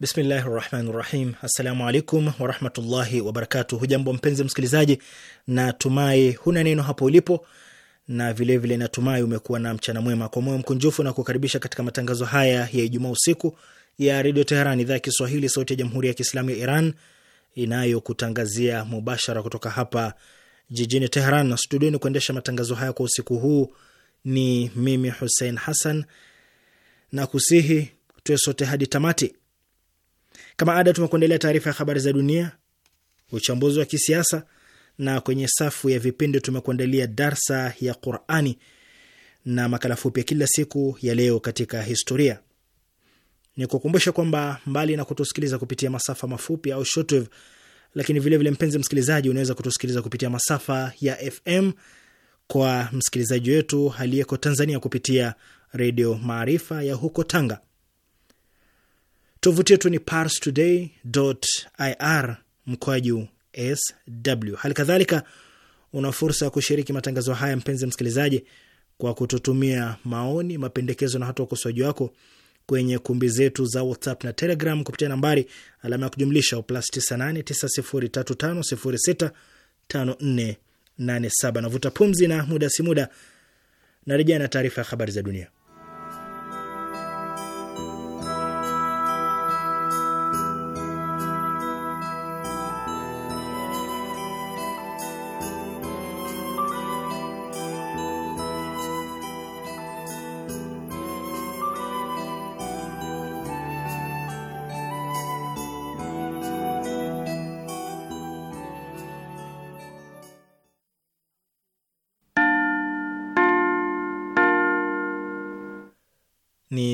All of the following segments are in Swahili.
Bismillahi rahmani rahim. Assalamu alaikum warahmatullahi wabarakatu. Hujambo mpenzi msikilizaji, natumai huna neno hapo ulipo, na vilevile vile natumai umekuwa na mchana mwema. Kwa moyo mkunjufu na kukaribisha katika matangazo haya ya Ijumaa usiku ya Redio Teheran, idhaa ya Kiswahili, sauti ya Jamhuri ya Kiislamu ya Iran inayokutangazia mubashara kutoka hapa jijini Teheran na studioni kuendesha matangazo haya kwa usiku huu ni mimi Hussein Hassan, na kusihi tuwe sote hadi tamati kama ada, tumekuendelea taarifa ya habari za dunia, uchambuzi wa kisiasa, na kwenye safu ya vipindi tumekuandalia darsa ya Qurani na makala fupi ya kila siku ya leo katika historia. kukumbusha kwamba mbali na kutusikiliza kupitia masafa mafupi au shortwave, lakini vilevile vile, mpenzi msikilizaji, unaweza kutusikiliza kupitia masafa ya FM kwa msikilizaji wetu aliyeko Tanzania kupitia Redio Maarifa ya huko Tanga. Tovuti yetu ni parstoday.ir mkoaju sw. Hali kadhalika una fursa ya kushiriki matangazo haya, mpenzi msikilizaji, kwa kututumia maoni, mapendekezo na hata ukosoaji wako kwenye kumbi zetu za WhatsApp na Telegram kupitia nambari alama ya kujumlisha plus 989035065487. Navuta pumzi na muda si muda narejea na taarifa ya habari za dunia.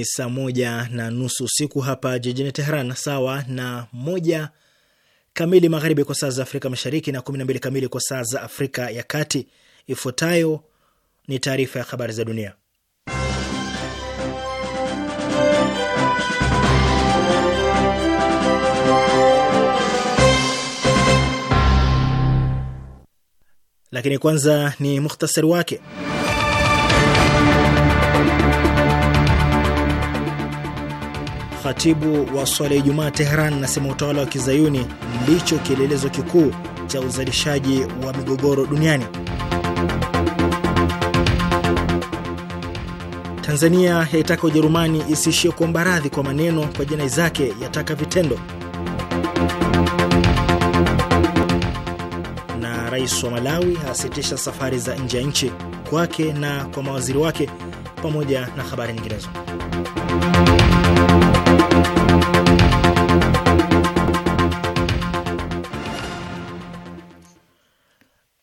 saa moja na nusu usiku hapa jijini Teheran, sawa na moja kamili magharibi kwa saa za Afrika Mashariki na 12 kamili kwa saa za Afrika ya Kati. Ifuatayo ni taarifa ya habari za dunia, lakini kwanza ni muhtasari wake. Khatibu wa swala ya Ijumaa Tehran anasema utawala wa kizayuni ndicho kielelezo kikuu cha uzalishaji wa migogoro duniani. Tanzania yaitaka Ujerumani isiishie kuomba radhi kwa maneno kwa jinai zake, yataka vitendo. Na rais wa Malawi asitisha safari za nje ya nchi kwake na kwa mawaziri wake, pamoja na habari nyinginezo.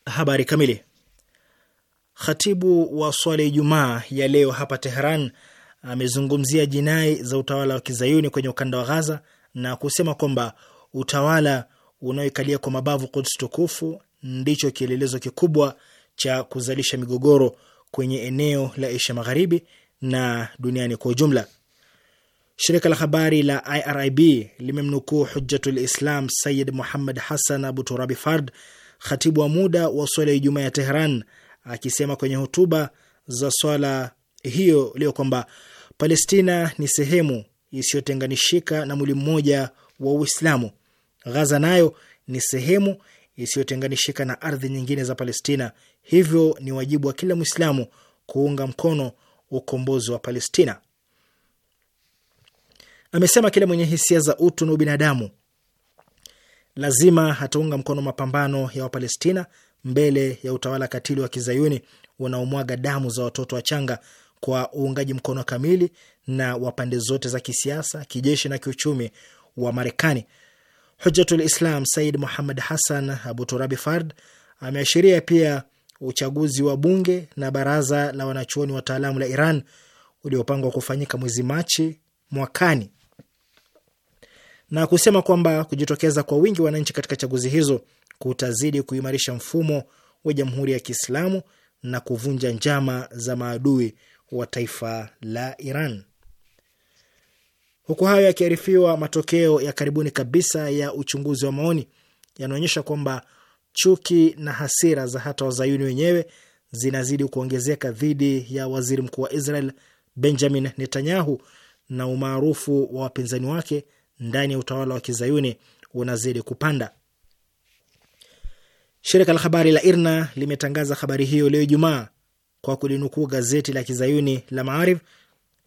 Habari kamili. Khatibu wa swala Ijumaa ya leo hapa Teheran amezungumzia jinai za utawala wa kizayuni kwenye ukanda wa Ghaza na kusema kwamba utawala unaoikalia kwa mabavu Quds tukufu ndicho kielelezo kikubwa cha kuzalisha migogoro kwenye eneo la Asia Magharibi na duniani kwa ujumla. Shirika la habari la IRIB limemnukuu Hujjatul Islam Sayid Muhammad Hassan Abu Turabi Fard, khatibu wa muda wa swala ya Ijumaa ya Teheran, akisema kwenye hotuba za swala hiyo leo kwamba Palestina ni sehemu isiyotenganishika na mwili mmoja wa Uislamu. Ghaza nayo ni sehemu isiyotenganishika na ardhi nyingine za Palestina, hivyo ni wajibu wa kila Mwislamu kuunga mkono ukombozi wa Palestina. Amesema kila mwenye hisia za utu na ubinadamu lazima ataunga mkono mapambano ya Wapalestina mbele ya utawala katili wa kizayuni unaomwaga damu za watoto wachanga kwa uungaji mkono kamili na wa pande zote za kisiasa, kijeshi na kiuchumi wa Marekani. Hujatul Islam Said Muhammad Hassan Abu Turabi Fard ameashiria pia uchaguzi wa bunge na baraza la wanachuoni wataalamu la Iran uliopangwa kufanyika mwezi Machi mwakani na kusema kwamba kujitokeza kwa wingi wananchi katika chaguzi hizo kutazidi kuimarisha mfumo wa Jamhuri ya Kiislamu na kuvunja njama za maadui wa taifa la Iran. Huku hayo yakiarifiwa, matokeo ya karibuni kabisa ya uchunguzi wa maoni yanaonyesha kwamba chuki na hasira za hata wazayuni wenyewe zinazidi kuongezeka dhidi ya waziri mkuu wa Israel Benjamin Netanyahu na umaarufu wa wapinzani wake ndani ya utawala wa kizayuni unazidi kupanda. Shirika la habari la IRNA limetangaza habari hiyo leo Ijumaa kwa kulinukuu gazeti la kizayuni la Maarif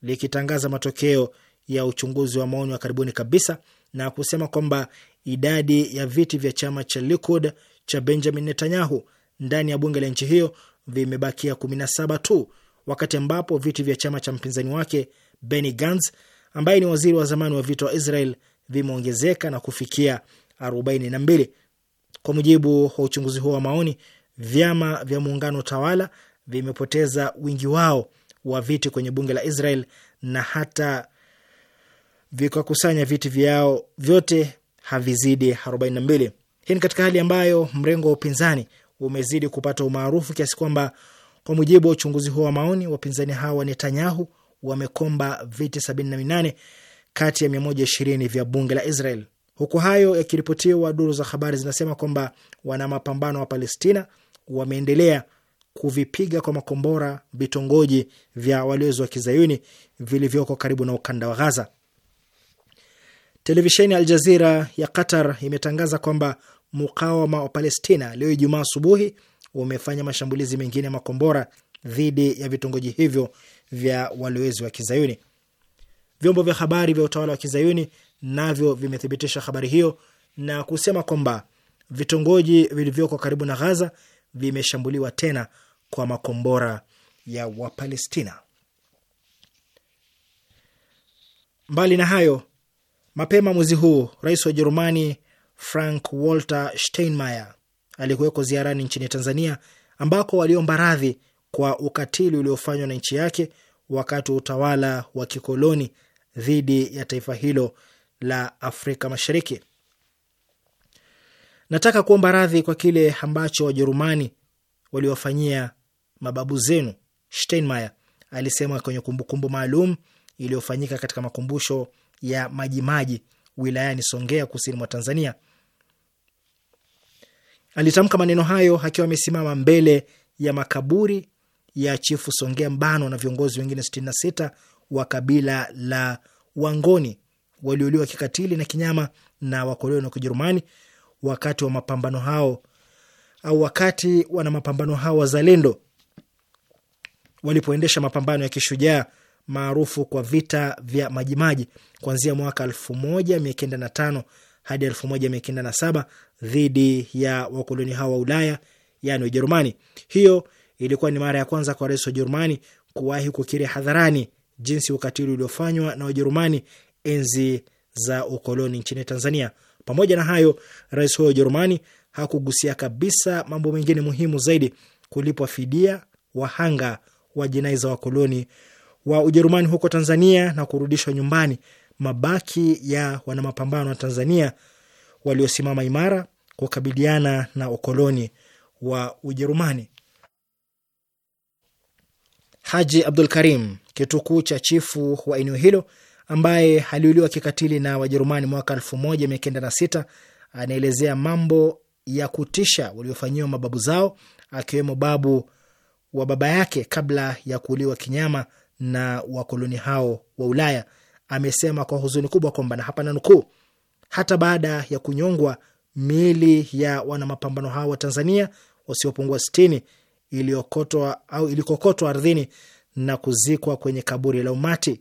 likitangaza matokeo ya uchunguzi wa maoni wa karibuni kabisa na kusema kwamba idadi ya viti vya chama cha Likud cha Benjamin Netanyahu ndani ya bunge la nchi hiyo vimebakia 17 tu, wakati ambapo viti vya chama cha mpinzani wake Benny Gantz ambaye ni waziri wa zamani wa vita wa Israel vimeongezeka na kufikia 42. Kwa mujibu wa uchunguzi huo wa maoni, vyama vya muungano tawala vimepoteza wingi wao wa viti kwenye bunge la Israel na hata vikakusanya viti vyao vyote havizidi 42. Hii ni katika hali ambayo mrengo wa upinzani umezidi kupata umaarufu kiasi kwamba kwa mujibu wa uchunguzi huo wa maoni, wapinzani hawa wa Netanyahu wamekomba viti 78 kati ya 120 vya bunge la Israel. Huku hayo yakiripotiwa, duru za habari zinasema kwamba wana mapambano wa Palestina wameendelea kuvipiga kwa makombora vitongoji vya walowezi wa kizayuni vilivyoko karibu na ukanda wa Gaza. Televisheni ya Aljazira ya Qatar imetangaza kwamba mukawama wa Palestina leo Ijumaa asubuhi umefanya mashambulizi mengine ya makombora dhidi ya vitongoji hivyo vya walowezi wa Kizayuni. Vyombo vya habari vya utawala wa Kizayuni navyo vimethibitisha habari hiyo na kusema kwamba vitongoji vilivyoko karibu na Ghaza vimeshambuliwa tena kwa makombora ya Wapalestina. Mbali na hayo, mapema mwezi huu rais wa Ujerumani Frank Walter Steinmeier alikuweko ziarani nchini Tanzania ambako waliomba radhi kwa ukatili uliofanywa na nchi yake wakati wa utawala wa kikoloni dhidi ya taifa hilo la Afrika Mashariki. Nataka kuomba radhi kwa kile ambacho Wajerumani waliwafanyia mababu zenu, Steinmeier alisema kwenye kumbukumbu maalum iliyofanyika katika makumbusho ya Majimaji wilayani Songea, kusini mwa Tanzania. Alitamka maneno hayo akiwa amesimama mbele ya makaburi ya Chifu Songea Mbano na viongozi wengine 66 wa kabila la Wangoni waliuliwa kikatili na kinyama na wakoloni wa Kijerumani wakati wa mapambano hao au wakati wana mapambano hao wazalendo walipoendesha mapambano ya kishujaa maarufu kwa vita vya Majimaji kuanzia mwaka 1905 hadi 1907 dhidi ya wakoloni hao wa Ulaya, yani Ujerumani. Hiyo Ilikuwa ni mara ya kwanza kwa rais wa Ujerumani kuwahi kukiri hadharani jinsi ukatili uliofanywa na Wajerumani enzi za ukoloni nchini Tanzania. Pamoja na hayo, rais huyo wa Ujerumani hakugusia kabisa mambo mengine muhimu zaidi: kulipwa fidia wahanga wa jinai za wakoloni wa Ujerumani huko Tanzania na kurudishwa nyumbani mabaki ya wanamapambano wa Tanzania waliosimama imara kukabiliana na ukoloni wa Ujerumani. Haji Abdul Karim, kitukuu cha chifu wa eneo hilo ambaye aliuliwa kikatili na Wajerumani mwaka sita anaelezea mambo ya kutisha waliofanyiwa mababu zao, akiwemo babu wa baba yake kabla ya kuuliwa kinyama na wakoloni hao wa Ulaya. Amesema kwa huzuni kubwa kwamba na hapa nanukuu, hata baada ya kunyongwa miili ya wanamapambano hao wa Tanzania wasiopungua sitini iliyokotwa au ilikokotwa ardhini na kuzikwa kwenye kaburi la umati,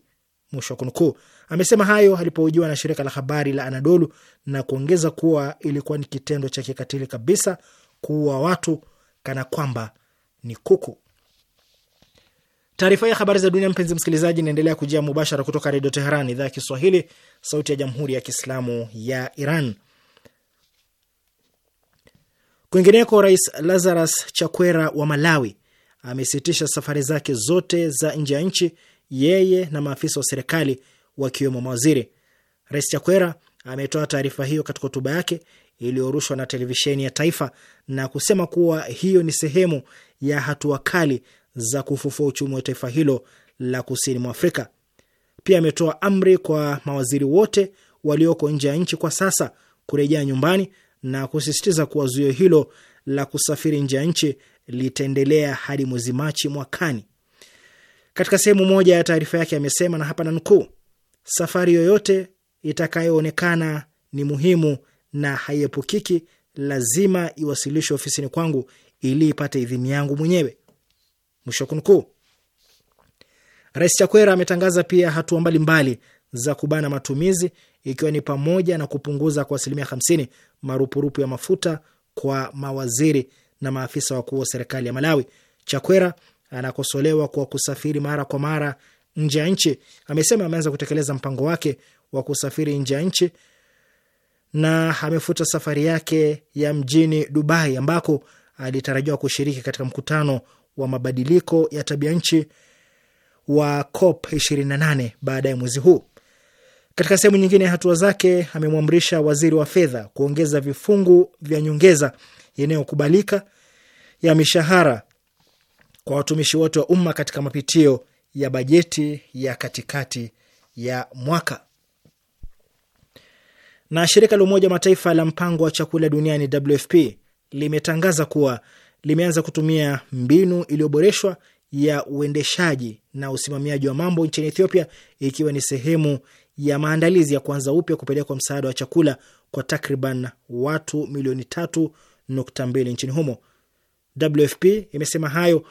mwisho wa kunukuu. Amesema hayo alipohojiwa na shirika la habari la Anadolu na kuongeza kuwa ilikuwa ni kitendo cha kikatili kabisa kuua watu kana kwamba ni kuku. Taarifa ya habari za dunia, mpenzi msikilizaji, inaendelea kujia mubashara kutoka Redio Teheran, idhaa ya Kiswahili, sauti ya jamhuri ya kiislamu ya Iran. Kwingineko, Rais Lazarus Chakwera wa Malawi amesitisha safari zake zote za nje ya nchi, yeye na maafisa wa serikali wakiwemo mawaziri. Rais Chakwera ametoa taarifa hiyo katika hotuba yake iliyorushwa na televisheni ya taifa na kusema kuwa hiyo ni sehemu ya hatua kali za kufufua uchumi wa taifa hilo la kusini mwa Afrika. Pia ametoa amri kwa mawaziri wote walioko nje ya nchi kwa sasa kurejea nyumbani na kusisitiza kuwa zuio hilo la kusafiri nje ya nchi litaendelea hadi mwezi Machi mwakani. Katika sehemu moja ya taarifa yake amesema, na hapa na nanukuu, safari yoyote itakayoonekana ni muhimu na haiepukiki lazima iwasilishwe ofisini kwangu ili ipate idhini yangu mwenyewe, mwisho kunukuu. Rais Chakwera ametangaza pia hatua mbalimbali za kubana matumizi ikiwa ni pamoja na kupunguza kwa asilimia 50 marupurupu ya mafuta kwa mawaziri na maafisa wakuu wa serikali ya Malawi. Chakwera anakosolewa kwa kusafiri mara kwa mara nje ya nchi. Amesema ameanza kutekeleza mpango wake wa kusafiri nje ya nchi na amefuta safari yake ya mjini Dubai ambako alitarajiwa kushiriki katika mkutano wa mabadiliko ya tabia nchi wa COP 28 baada ya mwezi huu. Katika sehemu nyingine ya hatua zake, amemwamrisha waziri wa fedha kuongeza vifungu vya nyongeza inayokubalika ya mishahara kwa watumishi wote wa umma katika mapitio ya bajeti ya katikati ya mwaka. Na shirika la Umoja Mataifa la mpango wa chakula duniani WFP limetangaza kuwa limeanza kutumia mbinu iliyoboreshwa ya uendeshaji na usimamiaji wa mambo nchini Ethiopia ikiwa ni sehemu ya maandalizi ya kuanza upya kupelekwa msaada wa chakula kwa takriban watu milioni mbili nchini humo. WFP imesema hayo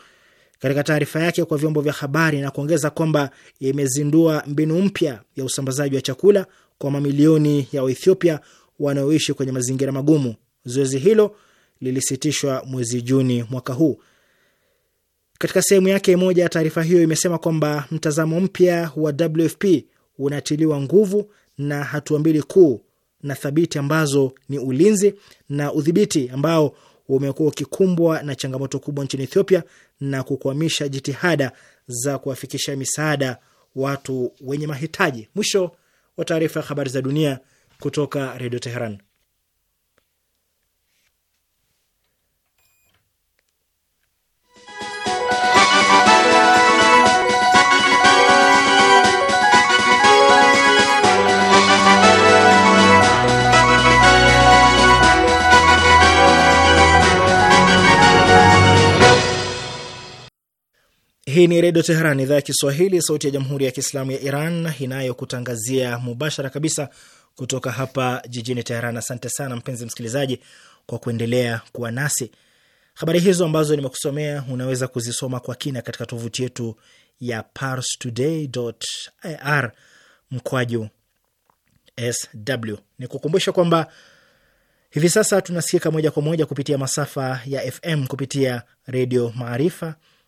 katika taarifa yake kwa vyombo vya habari na kuongeza kwamba imezindua mbinu mpya ya usambazaji wa chakula kwa mamilioni ya Waethiopia wanaoishi kwenye mazingira magumu. Zoezi hilo lilisitishwa mwezi Juni mwaka huu. Katika sehemu yake moja ya taarifa hiyo imesema kwamba mtazamo mpya wa WFP unatiliwa nguvu na hatua mbili kuu na thabiti ambazo ni ulinzi na udhibiti ambao umekuwa ukikumbwa na changamoto kubwa nchini Ethiopia na kukwamisha jitihada za kuwafikisha misaada watu wenye mahitaji. Mwisho wa taarifa ya habari za dunia kutoka Redio Teheran. Hii ni Redio Teheran, idhaa ya Kiswahili, sauti ya Jamhuri ya Kiislamu ya Iran inayokutangazia mubashara kabisa kutoka hapa jijini Teheran. Asante sana mpenzi msikilizaji kwa kuendelea kuwa nasi. Habari hizo ambazo nimekusomea unaweza kuzisoma kwa kina katika tovuti yetu ya parstoday.ir mkwaju sw. Ni kukumbusha kwamba hivi sasa tunasikika moja kwa moja kupitia masafa ya FM kupitia Redio Maarifa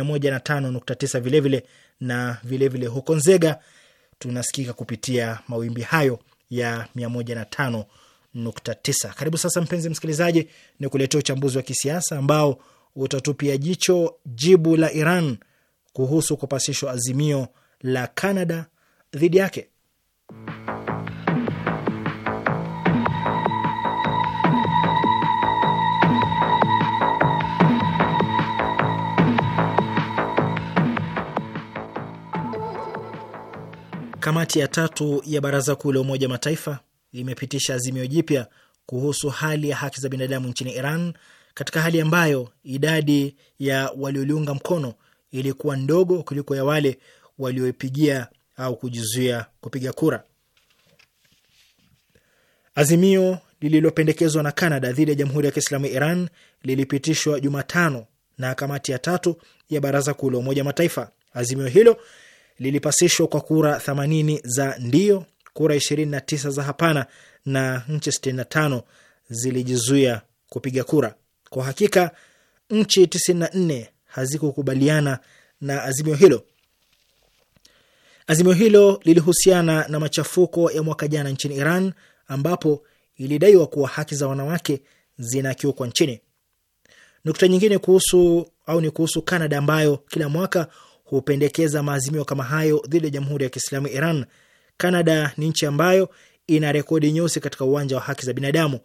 105.9 vilevile na vilevile vile huko Nzega tunasikika kupitia mawimbi hayo ya 105.9. Karibu sasa, mpenzi msikilizaji, ni kuletea uchambuzi wa kisiasa ambao utatupia jicho jibu la Iran kuhusu kupasishwa azimio la Canada dhidi yake. Kamati ya tatu ya Baraza Kuu la Umoja wa Mataifa imepitisha azimio jipya kuhusu hali ya haki za binadamu nchini Iran, katika hali ambayo idadi ya walioliunga mkono ilikuwa ndogo kuliko ya wale walioipigia au kujizuia kupiga kura. Azimio lililopendekezwa na Canada dhidi ya Jamhuri ya Kiislamu ya Iran lilipitishwa Jumatano na kamati ya tatu ya Baraza Kuu la Umoja wa Mataifa. Azimio hilo lilipasishwa kwa kura 80 za ndio, kura 29 za hapana na nchi 65 zilijizuia kupiga kura. Kwa hakika nchi 94 hazikukubaliana na azimio hilo. Azimio hilo lilihusiana na machafuko ya mwaka jana nchini Iran ambapo ilidaiwa kuwa haki za wanawake zinakiukwa nchini. Nukta nyingine kuhusu au ni kuhusu canada ambayo kila mwaka hupendekeza maazimio kama hayo dhidi ya Jamhuri ya Kiislamu Iran. Kanada ni nchi ambayo ina rekodi nyeusi katika uwanja wa haki za binadamu.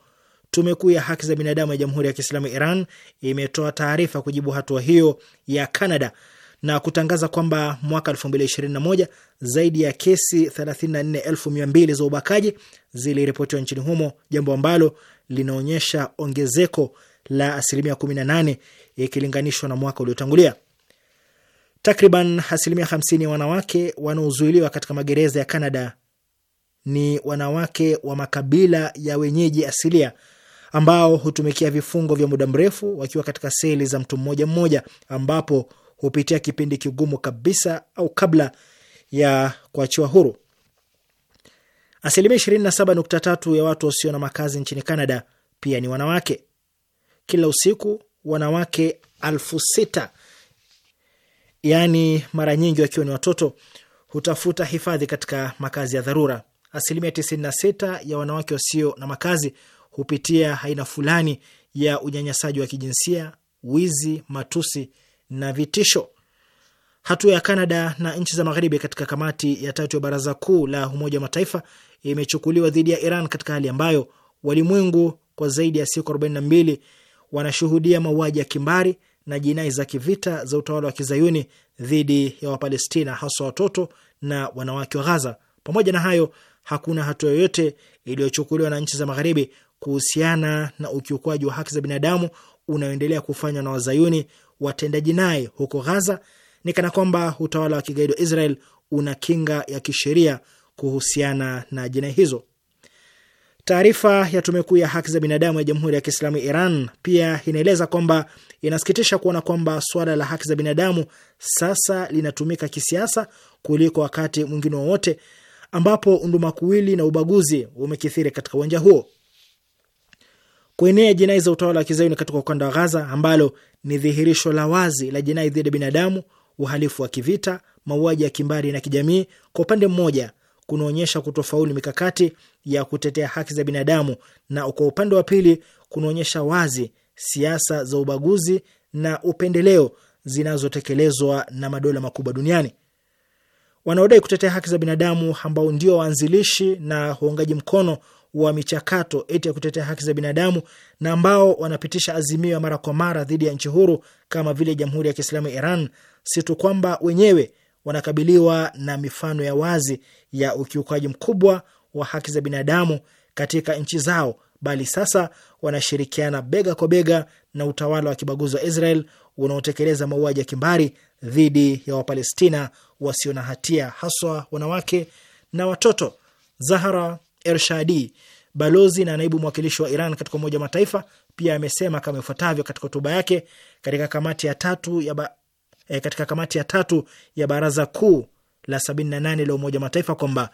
Tume Kuu ya Haki za Binadamu ya Jamhuri ya Kiislamu Iran imetoa taarifa kujibu hatua hiyo ya Kanada na kutangaza kwamba mwaka 2021 zaidi ya kesi 34,200 za ubakaji ziliripotiwa nchini humo, jambo ambalo linaonyesha ongezeko la asilimia 18 ikilinganishwa na mwaka uliotangulia. Takriban asilimia 50 ya wanawake wanaozuiliwa katika magereza ya Canada ni wanawake wa makabila ya wenyeji asilia ambao hutumikia vifungo vya muda mrefu wakiwa katika seli za mtu mmoja mmoja, ambapo hupitia kipindi kigumu kabisa au kabla ya kuachiwa huru. Asilimia 27.3 ya watu wasio na makazi nchini Canada pia ni wanawake. Kila usiku wanawake elfu sita yaani mara nyingi wakiwa ni watoto, hutafuta hifadhi katika makazi ya dharura. Asilimia sita ya wanawake wasio na makazi hupitia aina fulani ya unyanyasaji wa kijinsia, wizi, matusi na vitisho. Hatua ya Kanada na nchi za magharibi katika kamati ya tatu ya baraza kuu la Umoja wa Mataifa imechukuliwa dhidi ya Iran katika hali ambayo walimwengu kwa zaidi ya siku 42 wanashuhudia mauaji ya kimbari na jinai za kivita za utawala wa kizayuni dhidi ya Wapalestina, haswa watoto na wanawake wa Ghaza. Pamoja na hayo, hakuna hatua yoyote iliyochukuliwa na nchi za magharibi kuhusiana na ukiukwaji wa haki za binadamu unaoendelea kufanywa na wazayuni watenda jinai huko Ghaza, ni kana kwamba utawala wa kigaidi wa Israel una kinga ya kisheria kuhusiana na jinai hizo. Taarifa ya Tume Kuu ya Haki za Binadamu ya Jamhuri ya Kiislamu Iran pia inaeleza kwamba Inasikitisha kuona kwamba swala la haki za binadamu sasa linatumika kisiasa kuliko wakati mwingine wowote, ambapo undumakuwili na ubaguzi umekithiri katika uwanja huo. Kuenea jinai za utawala wa kizayuni katika ukanda wa Ghaza, ambalo ni dhihirisho la wazi la jinai dhidi ya binadamu, uhalifu wa kivita, mauaji ya kimbari na kijamii, kwa upande mmoja kunaonyesha kutofauli mikakati ya kutetea haki za binadamu na kwa upande wa pili kunaonyesha wazi siasa za ubaguzi na upendeleo zinazotekelezwa na madola makubwa duniani. Wanaodai kutetea haki za binadamu ambao ndio waanzilishi na waungaji mkono wa michakato eti ya kutetea haki za binadamu na ambao wanapitisha azimio ya mara kwa mara dhidi ya nchi huru kama vile Jamhuri ya Kiislamu ya Iran, si tu kwamba wenyewe wanakabiliwa na mifano ya wazi ya ukiukaji mkubwa wa haki za binadamu katika nchi zao, bali sasa wanashirikiana bega kwa bega na utawala wa kibaguzi wa Israel unaotekeleza mauaji ya kimbari dhidi ya Wapalestina wasio na hatia, haswa wanawake na watoto. Zahara Ershadi, balozi na naibu mwakilishi wa Iran katika Umoja wa Mataifa, pia amesema kama ifuatavyo katika hotuba yake katika kamati ya tatu ya ba, eh, katika kamati ya tatu ya Baraza Kuu la 78 la Umoja wa Mataifa kwamba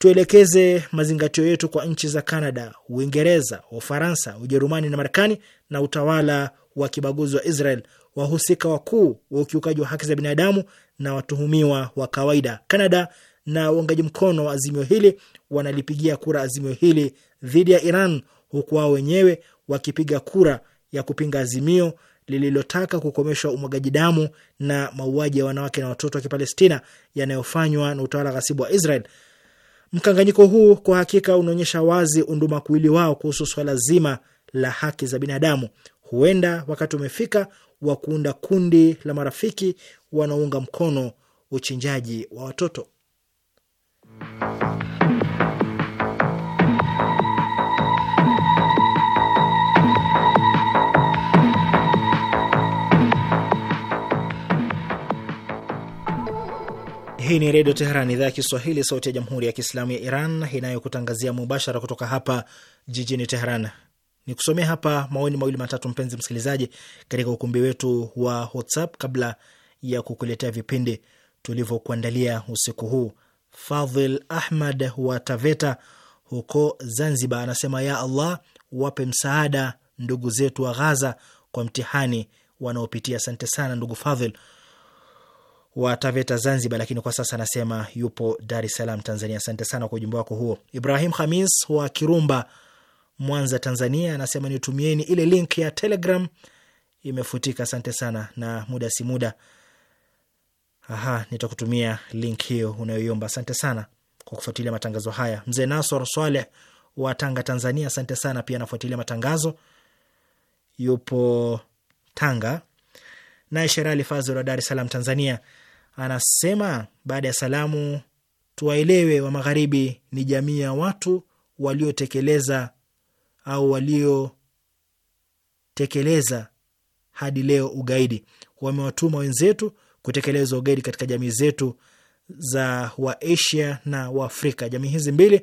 tuelekeze mazingatio yetu kwa nchi za Canada, Uingereza, Ufaransa, Ujerumani na Marekani na utawala wa kibaguzi wa Israel, wahusika wakuu wa ukiukaji wa haki za binadamu na watuhumiwa wa kawaida. Canada na uungaji mkono wa azimio hili wanalipigia kura azimio hili dhidi ya Iran, huku wao wenyewe wakipiga kura ya kupinga azimio lililotaka kukomeshwa umwagaji damu na mauaji ya wanawake na watoto wa Kipalestina yanayofanywa na utawala ghasibu wa Israel Mkanganyiko huu kwa hakika unaonyesha wazi undumakuwili wao kuhusu swala zima la haki za binadamu. Huenda wakati umefika wa kuunda kundi la marafiki wanaounga mkono uchinjaji wa watoto. Hii ni Redio Teheran, idhaa ya Kiswahili, sauti ya Jamhuri ya Kiislamu ya Iran inayokutangazia mubashara kutoka hapa jijini Teheran. Ni kusomea hapa maoni mawili matatu, mpenzi msikilizaji, katika ukumbi wetu wa WhatsApp kabla ya kukuletea vipindi tulivyokuandalia usiku huu. Fadhil Ahmad wa Taveta huko Zanzibar anasema, ya Allah wape msaada ndugu zetu wa Ghaza kwa mtihani wanaopitia. Asante sana ndugu Fadhil wa Taveta, Zanzibar, lakini kwa sasa anasema yupo Dar es Salaam, Tanzania. Asante sana kwa ujumbe wako huo. Ibrahim Hamis wa Kirumba, Mwanza, Tanzania, anasema nitumieni ile link ya Telegram, imefutika. Asante sana, na muda si muda, aha, nitakutumia link hiyo unayoiomba. Asante sana kwa kufuatilia matangazo haya. Mzee Nasor Swaleh wa Tanga, Tanzania, asante sana pia, anafuatilia matangazo, yupo Tanga. Naye Sherali Fazil wa Dar es Salaam, Tanzania anasema baada ya salamu, tuwaelewe wa magharibi ni jamii ya watu waliotekeleza au waliotekeleza hadi leo ugaidi. Wamewatuma wenzetu kutekeleza ugaidi katika jamii zetu za Waasia na Waafrika. Jamii hizi mbili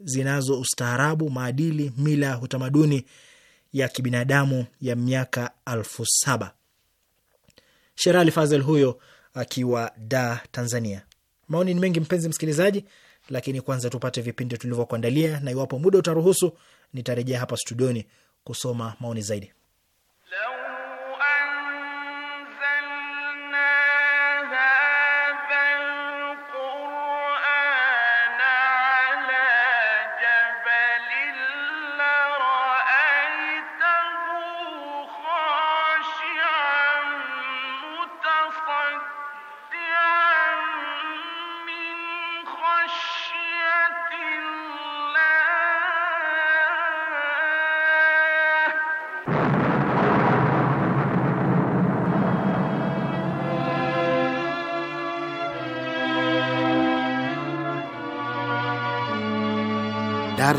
zinazo ustaarabu, maadili, mila, utamaduni ya kibinadamu ya miaka alfu saba. Sherali Fazel huyo akiwa Da, Tanzania. Maoni ni mengi mpenzi msikilizaji, lakini kwanza tupate vipindi tulivyokuandalia, na iwapo muda utaruhusu, nitarejea hapa studioni kusoma maoni zaidi.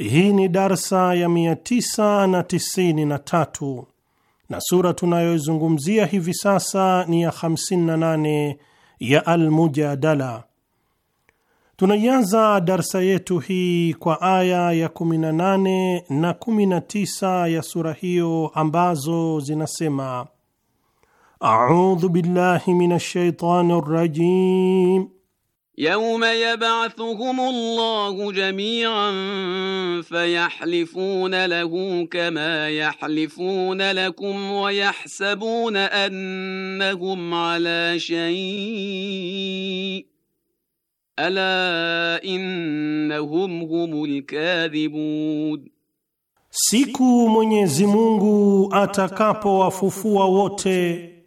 Hii ni darsa ya 993 na, na sura tunayoizungumzia hivi sasa ni ya 58 ya Almujadala. Tunaianza darsa yetu hii kwa aya ya 18 na 19 ya sura hiyo ambazo zinasema: audhu billahi minash shaitani rajim يوم يبعثهم الله جميعا فيحلفون له كما يحلفون لكم ويحسبون انهم على شيء الا انهم هم الكاذبون siku mwenyezi mungu atakapowafufua wote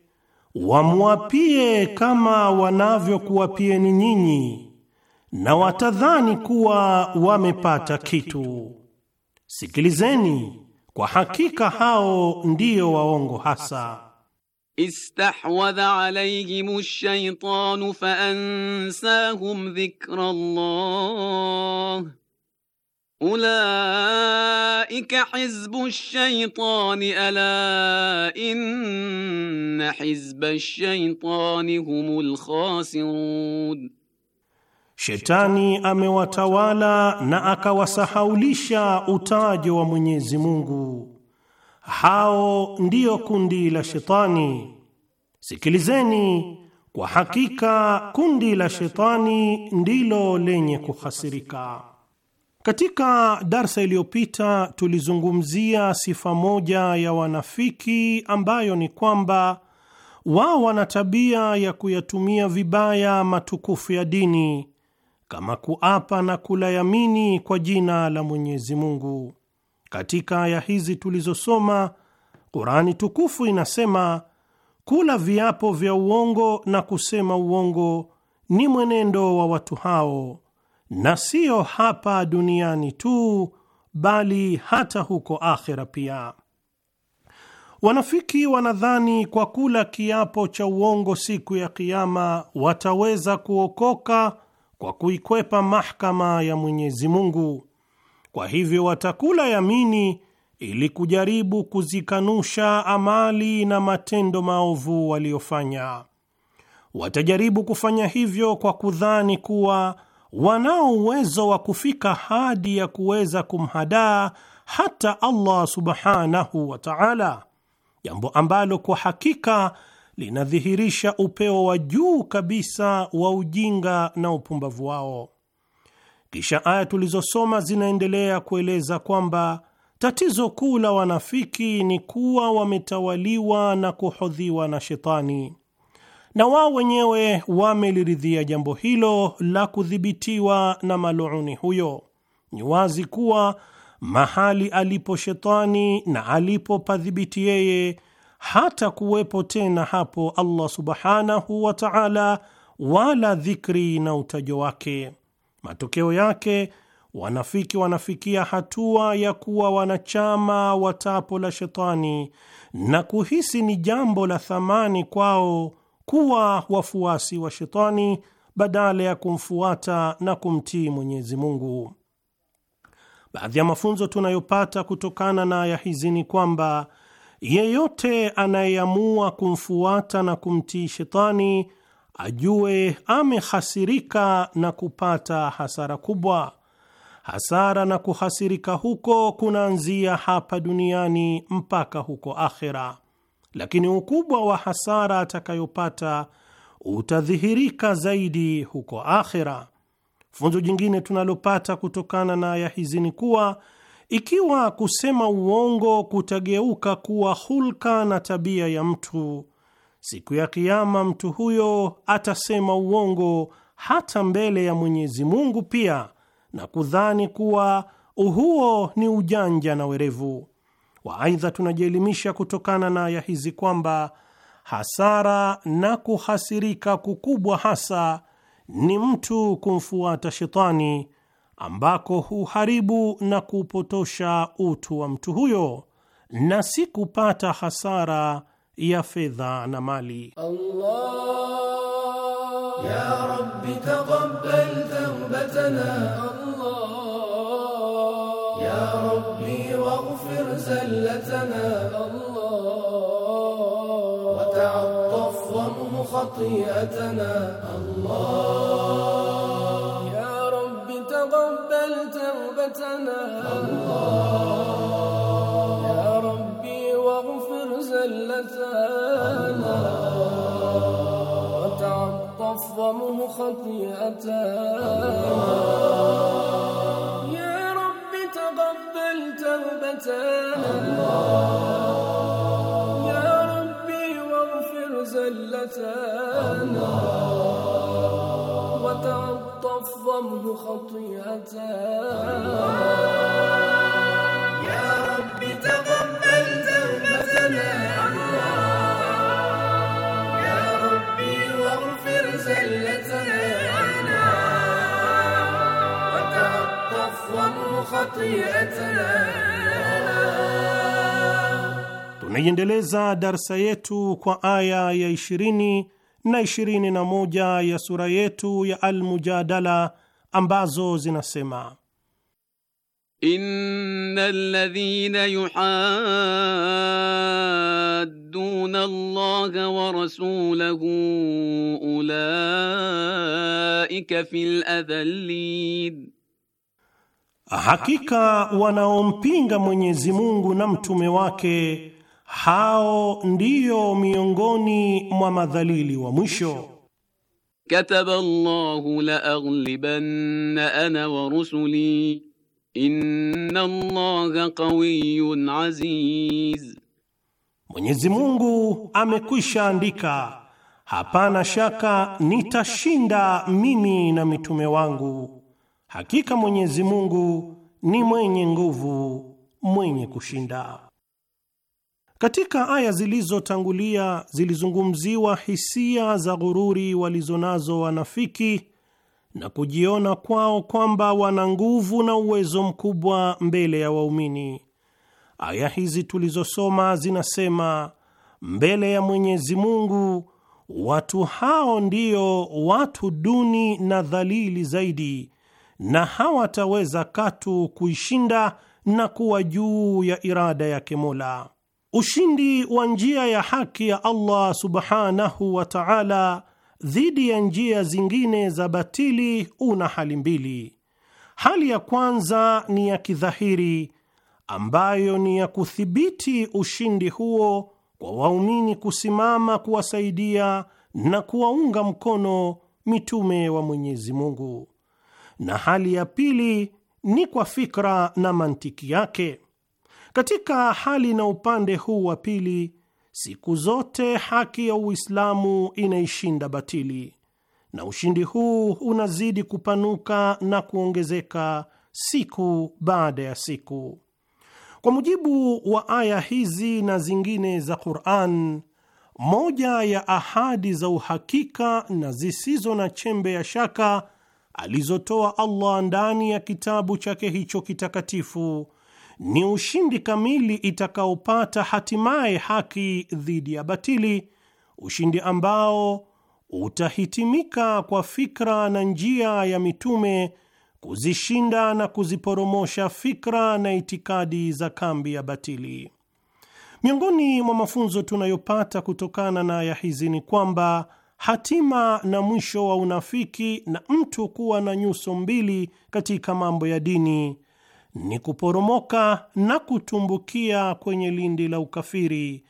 wamwapie kama wanavyokuwapieni nyinyi, na watadhani kuwa wamepata kitu. Sikilizeni, kwa hakika hao ndiyo waongo hasa. Istahwadha alayhimu shaitanu faansaahum dhikra Allah Ulaika hizbu shaitani ala inna hizba shaitani humul khasirun, shetani amewatawala na akawasahaulisha utajo wa Mwenyezi Mungu, hao ndiyo kundi la shetani. Sikilizeni, kwa hakika kundi la shetani ndilo lenye kuhasirika. Katika darsa iliyopita tulizungumzia sifa moja ya wanafiki ambayo ni kwamba wao wana tabia ya kuyatumia vibaya matukufu ya dini kama kuapa na kulayamini kwa jina la Mwenyezi Mungu. Katika aya hizi tulizosoma, Kurani tukufu inasema kula viapo vya uongo na kusema uongo ni mwenendo wa watu hao na siyo hapa duniani tu, bali hata huko akhera pia. Wanafiki wanadhani kwa kula kiapo cha uongo siku ya Kiama wataweza kuokoka kwa kuikwepa mahakama ya Mwenyezi Mungu. Kwa hivyo watakula yamini ili kujaribu kuzikanusha amali na matendo maovu waliofanya. Watajaribu kufanya hivyo kwa kudhani kuwa wanao uwezo wa kufika hadi ya kuweza kumhadaa hata Allah subhanahu wa ta'ala, jambo ambalo kwa hakika linadhihirisha upeo wa juu kabisa wa ujinga na upumbavu wao. Kisha aya tulizosoma zinaendelea kueleza kwamba tatizo kuu la wanafiki ni kuwa wametawaliwa na kuhodhiwa na shetani na wao wenyewe wameliridhia jambo hilo la kudhibitiwa na maluuni huyo. Ni wazi kuwa mahali alipo shetani na alipopadhibiti yeye hata kuwepo tena hapo Allah subhanahu wa ta'ala, wala dhikri na utajo wake. Matokeo yake wanafiki wanafikia hatua ya kuwa wanachama wa tapo la shetani na kuhisi ni jambo la thamani kwao kuwa wafuasi wa shetani badala ya kumfuata na kumtii Mwenyezi Mungu. Baadhi ya mafunzo tunayopata kutokana na aya hizi ni kwamba yeyote anayeamua kumfuata na kumtii shetani ajue amehasirika na kupata hasara kubwa. Hasara na kuhasirika huko kunaanzia hapa duniani mpaka huko akhera lakini ukubwa wa hasara atakayopata utadhihirika zaidi huko akhera. Funzo jingine tunalopata kutokana na aya hizi ni kuwa ikiwa kusema uongo kutageuka kuwa hulka na tabia ya mtu, siku ya Kiama mtu huyo atasema uongo hata mbele ya Mwenyezi Mungu pia na kudhani kuwa huo ni ujanja na werevu wa aidha, tunajielimisha kutokana na aya hizi kwamba hasara na kuhasirika kukubwa hasa ni mtu kumfuata shetani ambako huharibu na kupotosha utu wa mtu huyo na si kupata hasara ya fedha na mali. Allah, ya Rabbi taqabbal tawbatana يا ربي واغفر زلتنا الله وتعطف وامه خطيئتنا الله يا رب تقبل توبتنا الله يا ربي واغفر زلتنا وتعطف وامه خطيئتنا الله زلتنا يا ربي واغفر زلتنا وتعطف ضمه خطيئتنا يا ربي تقبل توبتنا يا ربي واغفر زلتنا خطيئتنا Tunaiendeleza darsa yetu kwa aya ya 20 na na moja ya sura yetu ya Almujadala ambazo zinasema: Innal ladhina yuhadduna Allaha wa rasulahu ulaika fil adhallin, hakika wanaompinga Mwenyezi Mungu na mtume wake hao ndiyo miongoni mwa madhalili wa mwisho. Kataba Allahu la aghlibanna ana wa rusuli inna Allaha qawiyyun aziz, Mwenyezi Mungu amekwisha andika, hapana shaka nitashinda mimi na mitume wangu, hakika Mwenyezi Mungu ni mwenye nguvu mwenye kushinda. Katika aya zilizotangulia zilizungumziwa hisia za ghururi walizonazo wanafiki na kujiona kwao kwamba wana nguvu na uwezo mkubwa mbele ya waumini. Aya hizi tulizosoma zinasema mbele ya Mwenyezi Mungu watu hao ndio watu duni na dhalili zaidi, na hawataweza katu kuishinda na kuwa juu ya irada yake Mola. Ushindi wa njia ya haki ya Allah subhanahu wa ta'ala dhidi ya njia zingine za batili una hali mbili. Hali ya kwanza ni ya kidhahiri, ambayo ni ya kuthibiti ushindi huo kwa waumini kusimama kuwasaidia na kuwaunga mkono mitume wa Mwenyezi Mungu, na hali ya pili ni kwa fikra na mantiki yake katika hali na upande huu wa pili, siku zote haki ya Uislamu inaishinda batili, na ushindi huu unazidi kupanuka na kuongezeka siku baada ya siku. Kwa mujibu wa aya hizi na zingine za Qur'an, moja ya ahadi za uhakika na zisizo na chembe ya shaka alizotoa Allah ndani ya kitabu chake hicho kitakatifu ni ushindi kamili itakaopata hatimaye haki dhidi ya batili, ushindi ambao utahitimika kwa fikra na njia ya mitume kuzishinda na kuziporomosha fikra na itikadi za kambi ya batili. Miongoni mwa mafunzo tunayopata kutokana na aya hizi ni kwamba hatima na mwisho wa unafiki na mtu kuwa na nyuso mbili katika mambo ya dini ni kuporomoka na kutumbukia kwenye lindi la ukafiri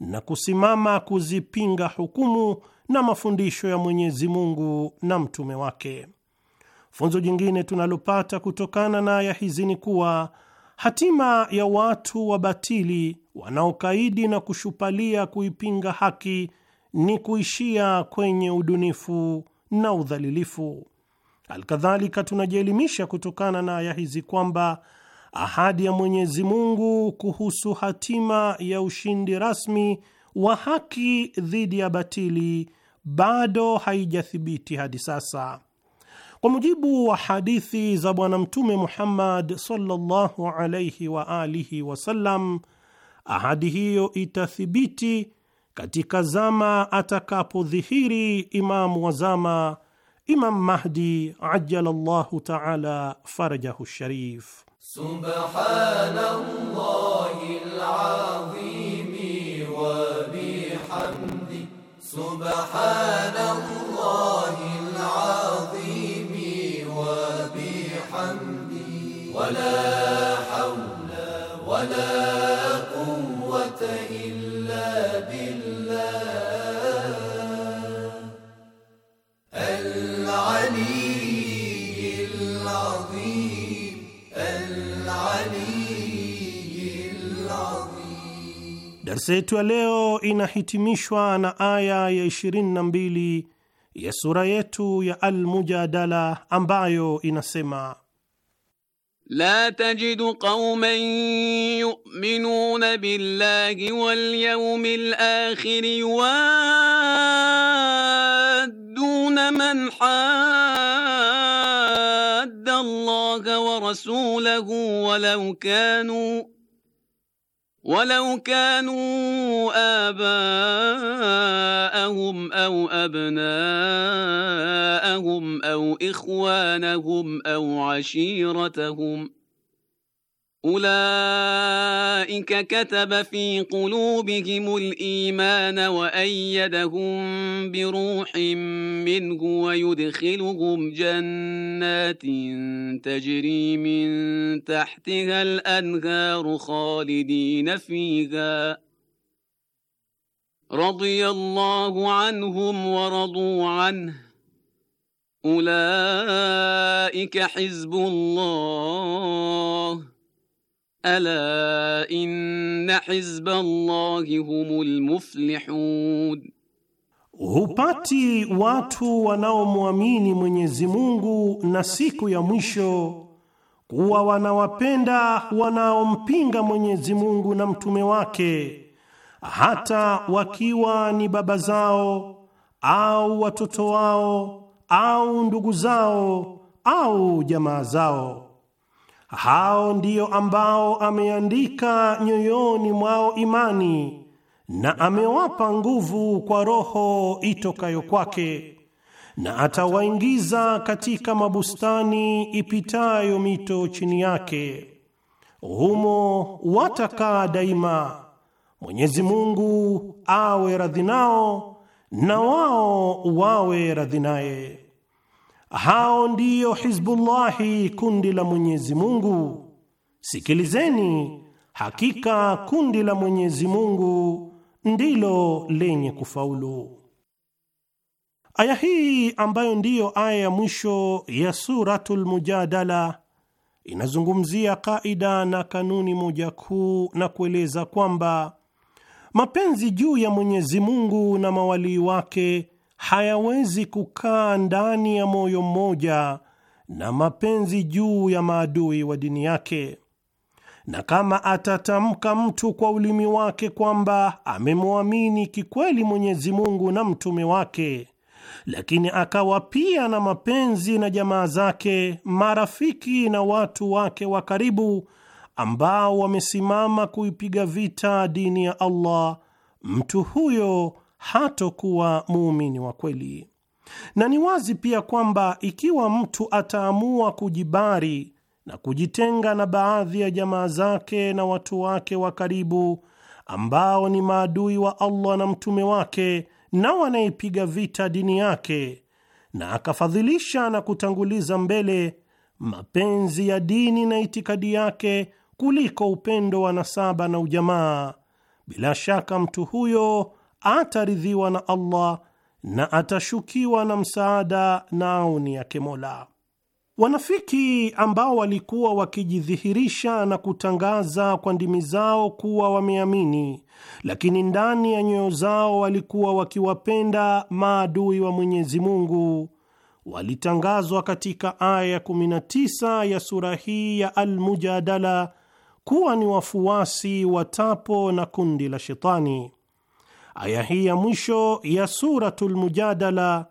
na kusimama kuzipinga hukumu na mafundisho ya Mwenyezi Mungu na mtume wake. Funzo jingine tunalopata kutokana na aya hizi ni kuwa hatima ya watu wabatili wanaokaidi na kushupalia kuipinga haki ni kuishia kwenye udunifu na udhalilifu. Alkadhalika, tunajielimisha kutokana na aya hizi kwamba ahadi ya Mwenyezi Mungu kuhusu hatima ya ushindi rasmi wa haki dhidi ya batili bado haijathibiti hadi sasa. Kwa mujibu wa hadithi za Bwana Mtume Muhammad sallallahu alaihi wa alihi wasallam, ahadi hiyo itathibiti katika zama atakapodhihiri Imamu wa zama إمام مهدي عجل الله تعالى فرجه الشريف سبحان الله العظيم وبحمده سبحان الله العظيم وبحمده ولا حول ولا Darsa yetu ya leo inahitimishwa na aya ya 22 ya sura yetu ya Al-Mujadala ambayo inasema لا تجد قوما يؤمنون بالله واليوم الآخر يوادون من حاد الله ورسوله ولو كانوا ولو كانوا آباءهم أو أبناءهم أو إخوانهم أو عشيرتهم ۖ أولئك كتب في قلوبهم الإيمان وأيدهم بروح منه ويدخلهم جنات تجري من تحتها الأنهار خالدين فيها رضي الله عنهم ورضوا عنه أولئك حزب الله ala inna hizballahi humul muflihun, hupati watu wanaomwamini Mwenyezi Mungu na siku ya mwisho kuwa wanawapenda wanaompinga Mwenyezi Mungu na mtume wake hata wakiwa ni baba zao au watoto wao au ndugu zao au jamaa zao. Hao ndiyo ambao ameandika nyoyoni mwao imani na amewapa nguvu kwa roho itokayo kwake, na atawaingiza katika mabustani ipitayo mito chini yake, humo watakaa daima. Mwenyezi Mungu awe radhi nao na wao wawe radhi naye. Hao ndiyo Hizbullahi, kundi la Mwenyezi Mungu. Sikilizeni, hakika kundi la Mwenyezi Mungu ndilo lenye kufaulu. Aya hii ambayo ndiyo aya ya mwisho ya Suratul Mujadala inazungumzia kaida na kanuni moja kuu na kueleza kwamba mapenzi juu ya Mwenyezi Mungu na mawalii wake hayawezi kukaa ndani ya moyo mmoja na mapenzi juu ya maadui wa dini yake. Na kama atatamka mtu kwa ulimi wake kwamba amemwamini kikweli Mwenyezi Mungu na mtume wake, lakini akawa pia na mapenzi na jamaa zake, marafiki na watu wake wa karibu ambao wamesimama kuipiga vita dini ya Allah, mtu huyo hatokuwa muumini wa kweli. Na ni wazi pia kwamba ikiwa mtu ataamua kujibari na kujitenga na baadhi ya jamaa zake na watu wake wa karibu ambao ni maadui wa Allah na mtume wake na wanaipiga vita dini yake, na akafadhilisha na kutanguliza mbele mapenzi ya dini na itikadi yake kuliko upendo wa nasaba na ujamaa, bila shaka mtu huyo ataridhiwa na Allah na atashukiwa na msaada na auni yake Mola. Wanafiki ambao walikuwa wakijidhihirisha na kutangaza kwa ndimi zao kuwa wameamini, lakini ndani ya nyoyo zao walikuwa wakiwapenda maadui wa Mwenyezi Mungu, walitangazwa katika aya ya 19 ya sura hii ya Al-Mujadala kuwa ni wafuasi watapo na kundi la shetani. Aya hii ya mwisho ya Suratul Mujadala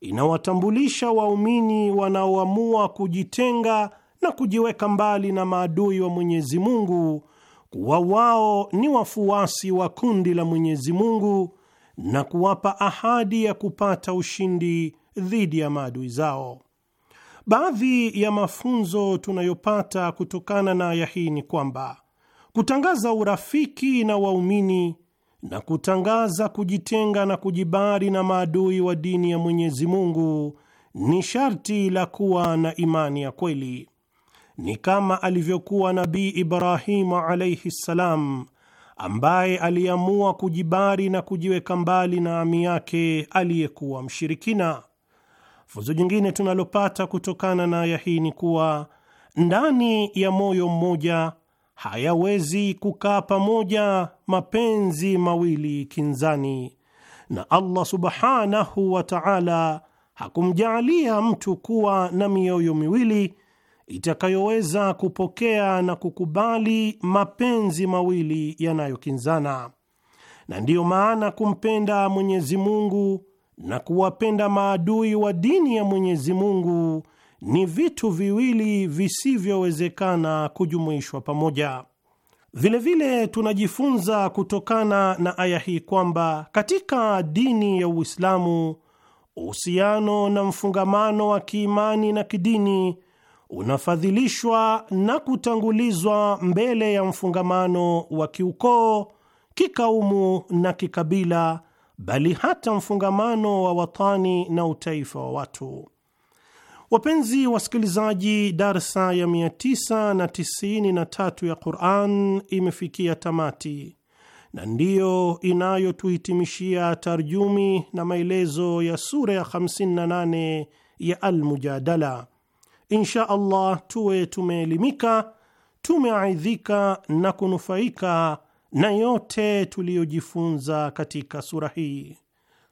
inawatambulisha waumini wanaoamua kujitenga na kujiweka mbali na maadui wa Mwenyezi Mungu kuwa wao ni wafuasi wa kundi la Mwenyezi Mungu na kuwapa ahadi ya kupata ushindi dhidi ya maadui zao. Baadhi ya mafunzo tunayopata kutokana na aya hii ni kwamba kutangaza urafiki na waumini na kutangaza kujitenga na kujibari na maadui wa dini ya Mwenyezi Mungu ni sharti la kuwa na imani ya kweli. Ni kama alivyokuwa Nabii Ibrahimu alaihi ssalam, ambaye aliamua kujibari na kujiweka mbali na ami yake aliyekuwa mshirikina. Funzo jingine tunalopata kutokana na aya hii ni kuwa ndani ya moyo mmoja hayawezi kukaa pamoja mapenzi mawili kinzani, na Allah subhanahu wa ta'ala hakumjaalia mtu kuwa na mioyo miwili itakayoweza kupokea na kukubali mapenzi mawili yanayokinzana. Na ndiyo maana kumpenda Mwenyezi Mungu na kuwapenda maadui wa dini ya Mwenyezi Mungu ni vitu viwili visivyowezekana kujumuishwa pamoja. Vilevile vile tunajifunza kutokana na aya hii kwamba katika dini ya Uislamu uhusiano na mfungamano wa kiimani na kidini unafadhilishwa na kutangulizwa mbele ya mfungamano wa kiukoo, kikaumu na kikabila, bali hata mfungamano wa watani na utaifa wa watu. Wapenzi wasikilizaji, darsa ya 993 ya Quran imefikia tamati na ndiyo inayotuhitimishia tarjumi na maelezo ya sura ya 58 ya Almujadala. Insha Allah tuwe tumeelimika, tumeaidhika na kunufaika na yote tuliyojifunza katika sura hii.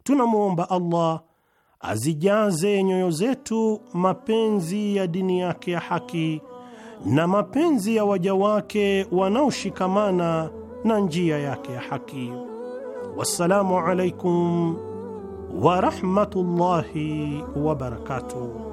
Tunamwomba Allah azijaze nyoyo zetu mapenzi ya dini yake ya haki na mapenzi ya waja wake wanaoshikamana na njia yake ya haki. Wassalamu alaikum warahmatullahi wabarakatuh.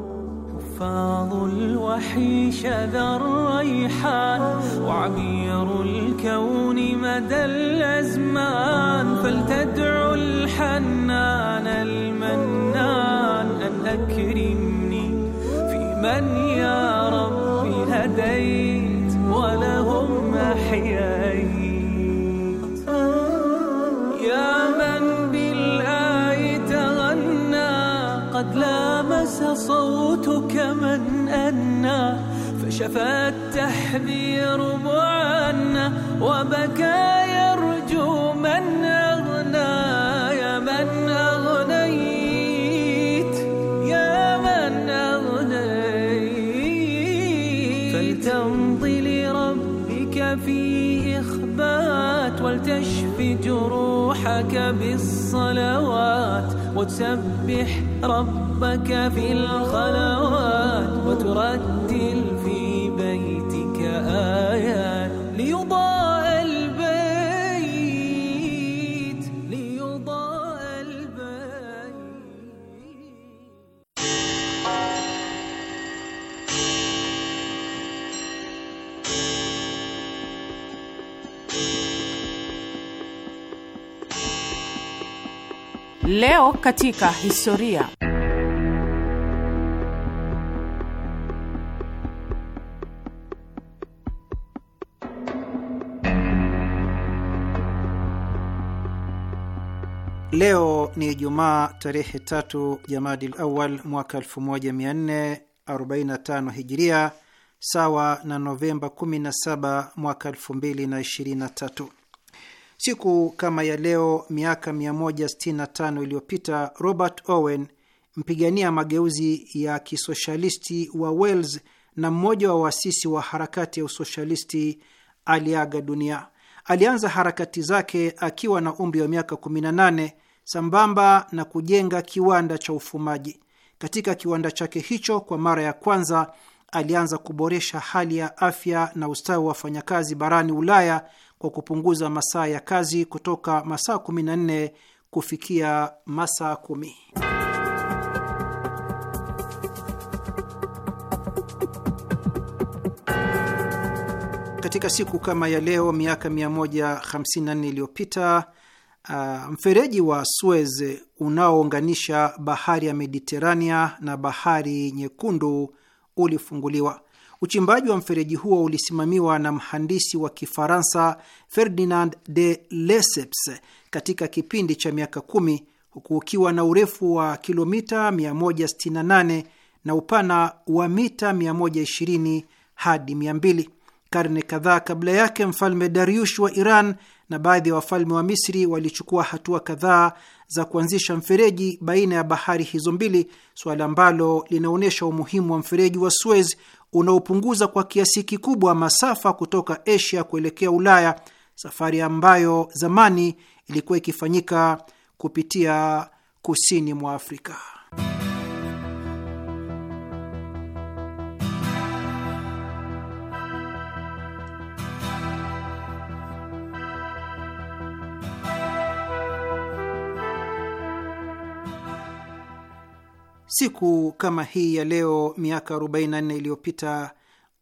فاض الوحي شذا الريحان وعبير الكون مدى الأزمان فلتدعو الحنان المنان أن أكرمني في من يا ربي هديت ولهم أحييت وهز صوتك من أنى فشفى التحذير معنا وبكى يرجو من أغنى في إخبات ولتشفي جروحك بالصلوات وتسبح ربك في الخلوات وتردد Leo katika historia. Leo ni Ijumaa tarehe tatu Jamadil Awal mwaka 1445 Hijiria, sawa na Novemba 17 mwaka 2023. Siku kama ya leo miaka 165 iliyopita Robert Owen, mpigania mageuzi ya kisoshalisti wa Wales na mmoja wa waasisi wa harakati ya usoshalisti aliaga dunia. Alianza harakati zake akiwa na umri wa miaka 18 sambamba na kujenga kiwanda cha ufumaji. Katika kiwanda chake hicho, kwa mara ya kwanza alianza kuboresha hali ya afya na ustawi wa wafanyakazi barani Ulaya kwa kupunguza masaa ya kazi kutoka masaa 14 kufikia masaa kumi. Katika siku kama ya leo miaka 154 iliyopita uh, mfereji wa Suez unaounganisha bahari ya Mediterania na bahari Nyekundu ulifunguliwa. Uchimbaji wa mfereji huo ulisimamiwa na mhandisi wa Kifaransa Ferdinand de Lesseps katika kipindi cha miaka kumi huku ukiwa na urefu wa kilomita 168 na upana wa mita 120 hadi 200. Karne kadhaa kabla yake mfalme Dariush wa Iran na baadhi ya wafalme wa Misri walichukua hatua kadhaa za kuanzisha mfereji baina ya bahari hizo mbili, suala ambalo linaonyesha umuhimu wa mfereji wa Suez unaopunguza kwa kiasi kikubwa masafa kutoka Asia kuelekea Ulaya, safari ambayo zamani ilikuwa ikifanyika kupitia kusini mwa Afrika. Siku kama hii ya leo miaka 44 iliyopita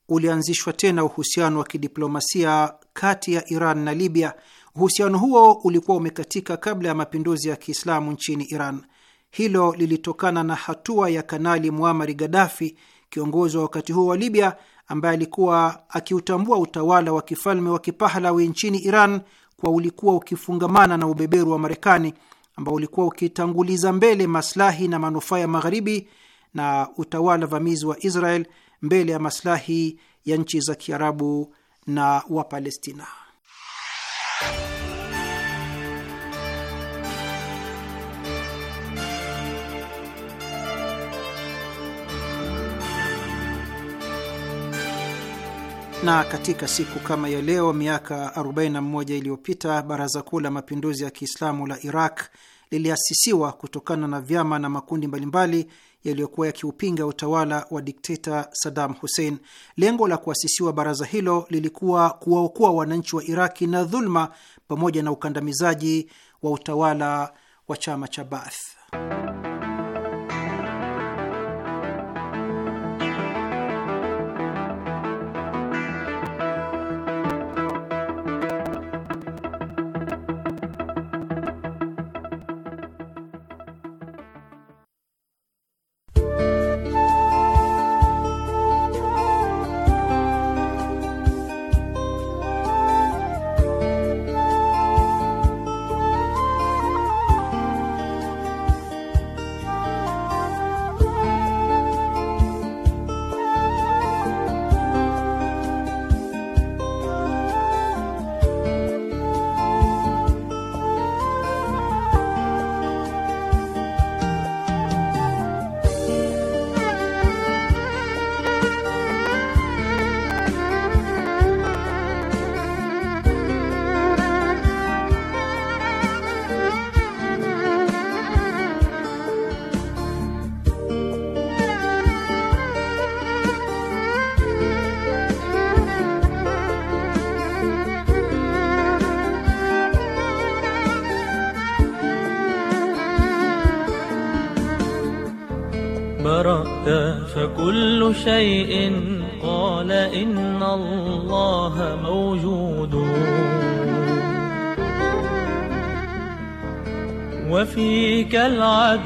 ulianzishwa tena uhusiano wa kidiplomasia kati ya Iran na Libya. Uhusiano huo ulikuwa umekatika kabla ya mapinduzi ya Kiislamu nchini Iran. Hilo lilitokana na hatua ya Kanali Muamari Gadafi, kiongozi wa wakati huo wa Libya, ambaye alikuwa akiutambua utawala wa kifalme wa Kipahlawi nchini Iran kwa ulikuwa ukifungamana na ubeberu wa Marekani ambao ulikuwa ukitanguliza mbele maslahi na manufaa ya Magharibi na utawala vamizi wa Israel mbele ya maslahi ya nchi za Kiarabu na Wapalestina. Na katika siku kama ya leo miaka 41 iliyopita Baraza Kuu la Mapinduzi ya Kiislamu la Iraq liliasisiwa kutokana na vyama na makundi mbalimbali yaliyokuwa yakiupinga utawala wa dikteta Saddam Hussein. Lengo la kuasisiwa baraza hilo lilikuwa kuwaokoa wananchi wa Iraki na dhuluma pamoja na ukandamizaji wa utawala wa chama cha Baath.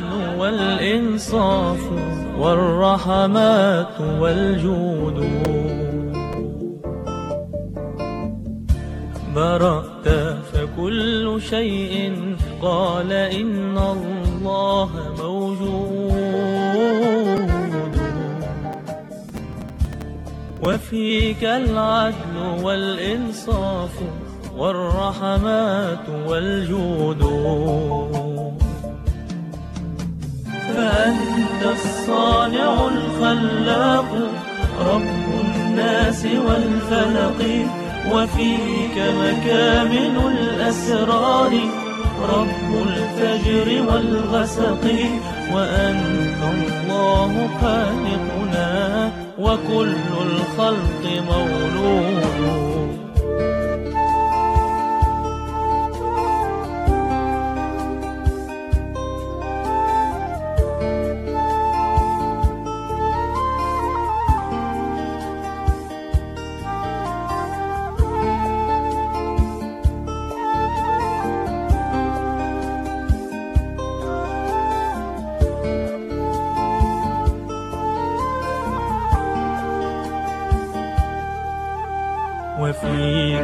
العدل والإنصاف والرحمات والجود برأت فكل شيء قال إن الله موجود وفيك العدل والإنصاف والرحمات والجود فأنت الصانع الخلاق رب الناس والفلق وفيك مكامن الأسرار رب الفجر والغسق وأنت الله خالقنا وكل الخلق مولود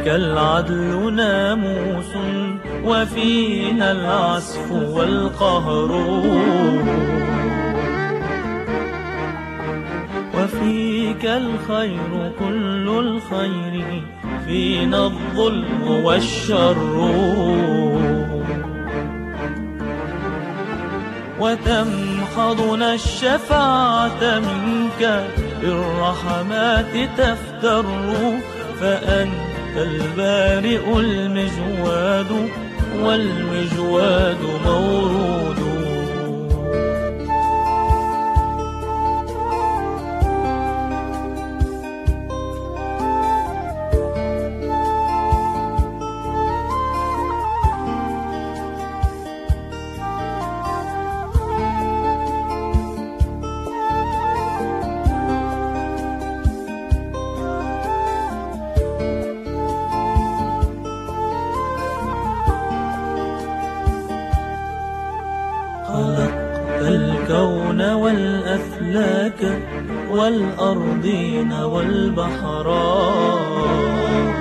كالعدل ناموس وفينا العسف والقهر وفيك الخير كل الخير فينا الظلم والشر وتمحضنا الشفاعة منك بالرحمات تفتر فأنت البارئ المجواد والمجواد مورود الأرضين والبحران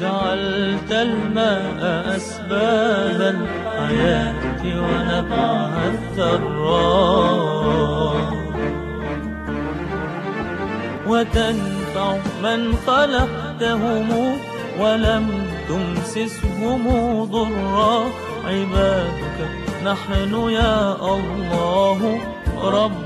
جعلت الماء أسباب الحياة ونبعها الثرى وتنفع من خلقتهم ولم تمسسهم ضرا عبادك نحن يا الله رب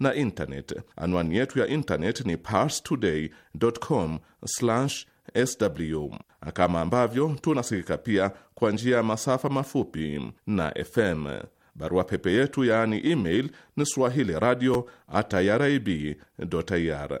na intanet. Anwani yetu ya intanet ni parstoday.com/sw, kama ambavyo tunasikika pia kwa njia ya masafa mafupi na FM. Barua pepe yetu yaani email ni swahili radio at irib.ir